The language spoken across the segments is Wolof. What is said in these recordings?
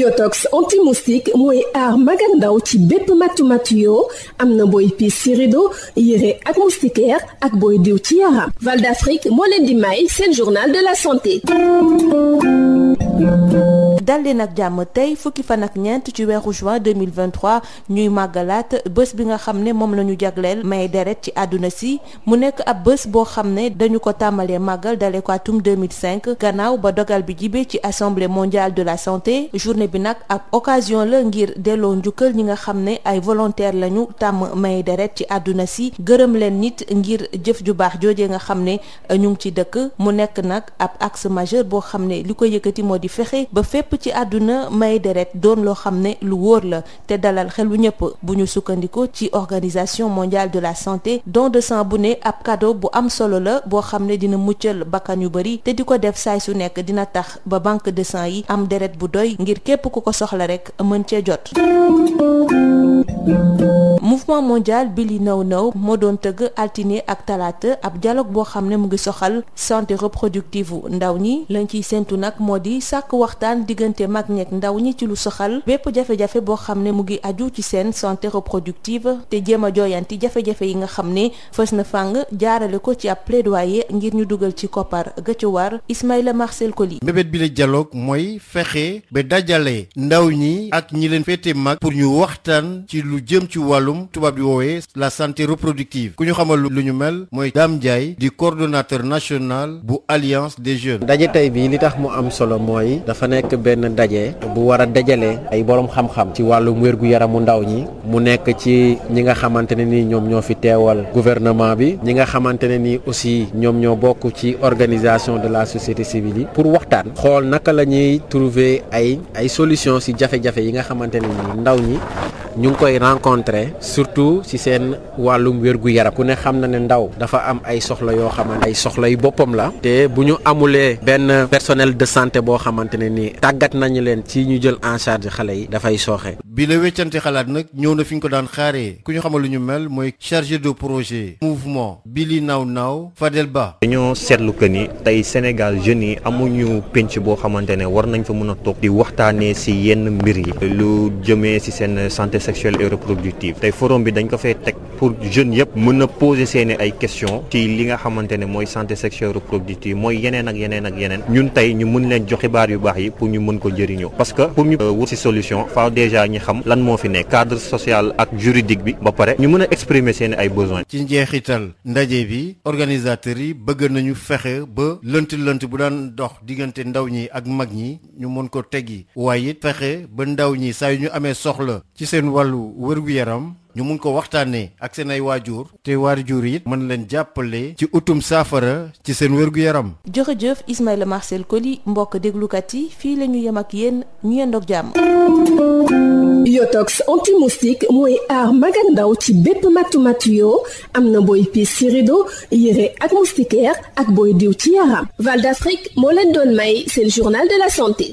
biotox anti-moustique mooy aar mag ak matu matu yoo am na booy piis ci rido ak moustiquaire ak booy diw ci moo leen di may seen journal de la santé dalli nag jàmm tey fukki fan ak ñeent ci weeru juin 2023 ñuy màggalaat bés bi nga xam ne moom la ñu jagleel may deret ci àdduna si mu nekk ab bés boo xam ne dañu ko tàmbalee màggal dale ko atum 2005 gannaaw ba dogal bi jibee ci assemblée mondiale de la santé journée bi nag ab occasion la ngir delloo njukkal ñi nga xam ne ay volontaire lañu tàmm may deret ci àdduna si gërëm leen nit ngir jëf ju baax joojee nga xam ne euh, ñu ngi ci dëkk mu nekk nag ab axe majeur boo xam ne li ko yëkkati moo di fexe ba fépp ci àdduna may deret doon loo xam ne lu wóor la te dalal xelu ñëpp bu ñu sukkandiku ci organisation mondiale de la santé don de sang bu ne ab cadeau bu am solo la boo xam ne dina muccal bakkan yu bari te di ko def saay su nekk dina tax ba banque de sang yi am deret bu doy képp ku ko soxla rek mën cee jot mouvement mondial Billy naw Now moo doon tëgg altine ak talaata ab jaloog boo xam ne mu ngi soxal santé reproductive ndaw ñi lañ ciy séntu nag moo di sàkk waxtaan diggante mag ñeeg ndaw ñi ci lu soxal bépp jafe-jafe boo xam ne mu ngi aju ci seen santé reproductive te jéem a jooyanti jafe-jafe yi nga xam ne fës na fàng jaarale ko ci ab plaidoyer ngir ñu dugal ci koppar gëccu war Ismaïla Marcel Koli mbébét bi la dialogue xale ndaw ñi ak ñi leen féete mag pour ñu waxtaan ci lu jëm ci wàllum tubaab di woowee la santé reproductive ku ñu xamal lu ñu mel mooy Dame jaay di coordonnateur national bu alliance des jeunes. ndaje tey bii li tax mu am solo mooy dafa nekk benn daje bu war a dajale ay boroom xam-xam ci wàllum wér-gu-yaramu ndaw ñi mu nekk ci ñi nga xamante ne ni ñoom ñoo fi teewal gouvernement bi ñi nga xamante ne ni aussi ñoom ñoo bokk ci organisation de la société civile yi solution si jafe-jafe yi nga xamante ne ni ndaw ñi ñu ngi koy rencontrer surtout si seen wàllum wér-gu-yaram ku ne xam na ne ndaw dafa am ay soxla yoo xamante ay soxla yu boppam la te bu ñu amulee benn personnel de santé boo xamante ne ni tàggat nañu leen ci ñu jël en charge xale yi dafay sooxe bi la weccante xalaat nag ñëw na fi ñu ko daan xaaree ku ñu xamal lu ñu mel mooy chargé de projet mouvement Billy naaw Now Fadel Ba. dañoo seetlu que ni tey Sénégal jeunes yi amuñu pénc boo xamante ne war nañ fa mën a toog di waxtaanee si yenn mbir yi lu jëmee si seen santé sexuelle et tey forum bi dañ ko fay teg pour jeunes yëpp mën a poser seeni ay questions ci li nga xamante ne mooy santé sexuelle reproductive mooy yeneen ak yeneen ak yeneen ñun tey ñu mën leen jox xibaar yu baax yi pour ñu mën ko jëriñoo parce que pour euh, xam lan moo fi nekk cadre social ak juridique bi ba pare ñu mën a exprimer seeni ay besoins. ci njeexital ndaje bi organisateurs yi bëgg nañu fexe ba lënt lënt bu daan dox diggante ndaw ñi ak mag ñi ñu mën ko teggi waaye it fexe ba ndaw ñi saa yu ñu amee soxla ci seen wàllu wër-gu-yaram ñu mun ko waxtaanee ak seen ay waajur te waajur yi mën leen jàppale ci utum saafara ci seen wér-gu-yaram jërëjëf Ismaïla Marcel Koli mbokk déglukat yi fii la ñu yem ak yéen ñu yendoog jàmm yotox anti-moustique mooy aar mag ak ndaw ci bépp matu-matu yoo am na booy piis ci rido yére ak moustiquaire ak booy diw ci yaram Val d'Afrique moo leen doon may seen journal de la santé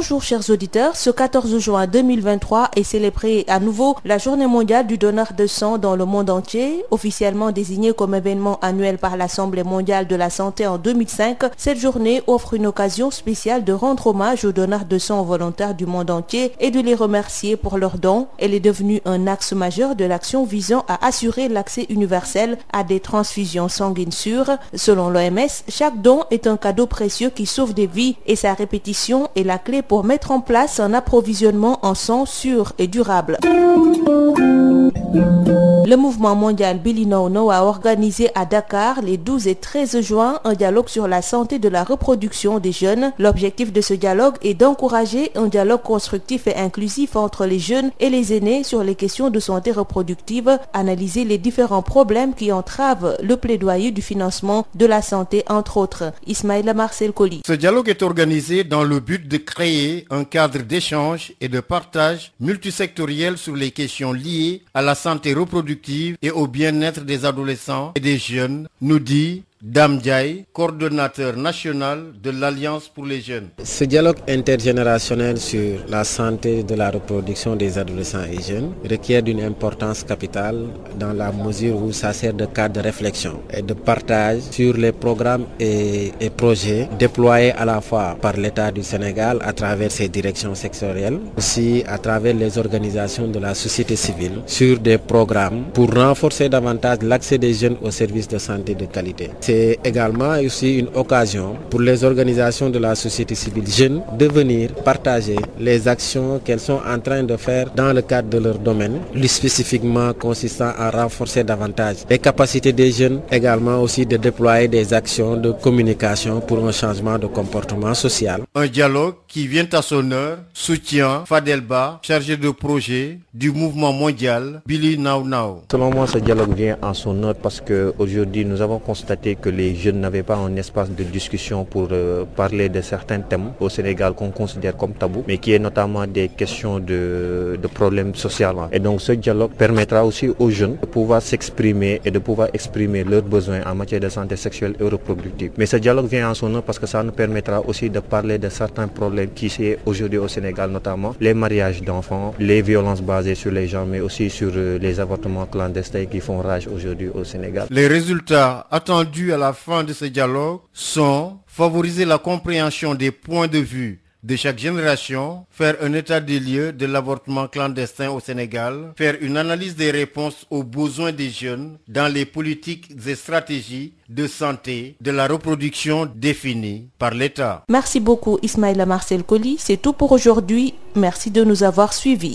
Bonjour chers auditeurs, ce 14 juin 2023 est célébrée à nouveau la journée mondiale du donneur de sang dans le monde entier. Officiellement désignée comme événement annuel par l'Assemblée mondiale de la santé en cette journée offre une occasion spéciale de rendre hommage aux donneurs de sang volontaires du monde entier et de les remercier pour leurs dons. Elle est devenue un axe majeur de l'action visant à assurer l'accès universel à des transfusions sanguines sûres. Selon l'OMS, pour mettre en place un approvisionnement en sang sûr et durable. Le mouvement mondial Bilino No a organisé à Dakar les 12 et 13 juin un dialogue sur la santé de la reproduction des jeunes. L'objectif de ce dialogue est d'encourager un dialogue constructif et inclusif entre les jeunes et les aînés sur les questions de santé reproductive, analyser les différents problèmes qui entravent le plaidoyer du financement de la santé, entre autres. Ismaïla Marcel Colli. Ce dialogue est organisé dans le but de créer un cadre d'échange de partage multisectoriel sur les questions liées à la constructive et au bien-être des adolescents et des jeunes nous dit Dame Diaye coordonnateur national de l'Alliance pour les jeunes. Ce dialogue intergénérationnel sur la santé de la reproduction des adolescents et jeunes requiert d'une importance capitale dans la mesure où ça sert de cadre de réflexion et de partage sur les programmes et, et projets déployés à la fois par l'État du Sénégal à travers ses directions sectorielles, aussi à travers les organisations de la société civile sur des programmes pour renforcer davantage l'accès des jeunes aux services de santé de qualité. c'est également aussi une occasion pour les organisations de la société civile jeune de venir partager les actions qu'elles sont en train de faire dans le cadre de leur domaine, plus spécifiquement consistant à renforcer davantage et capacités des jeunes, également aussi de déployer des actions de communication pour un changement de comportement social. Un dialogue qui vient à son heure, soutient Fadelba, chargé de projet du mouvement mondial Billy que les jeunes n'avaient pas un espace de discussion euh, parler de certains thèmes au Sénégal qu'on considère comme tabou, mais qui est notamment des questions de, de problèmes sociaux. Et donc ce dialogue permettra aussi aux jeunes de pouvoir s'exprimer et de pouvoir exprimer leurs besoins en matière de santé sexuelle et reproductive. Mais ce dialogue vient en son nom parce que ça nous permettra aussi de parler de certains problèmes qui sont aujourd'hui au Sénégal, notamment les mariages d'enfants, les violences sur les gens, mais aussi sur euh, les avortements clandestins qui but à la fin de ce dialogue sont favoriser la compréhension des points de vue de chaque génération, faire un état de lieux de l'avortement clandestin au Sénégal, faire une analyse des réponses aux besoins des jeunes dans les politiques et stratégies de santé de la reproduction définies par l'État. Merci beaucoup Ismaïla Marcel Colli, c'est tout pour aujourd'hui. Merci de nous avoir suivis.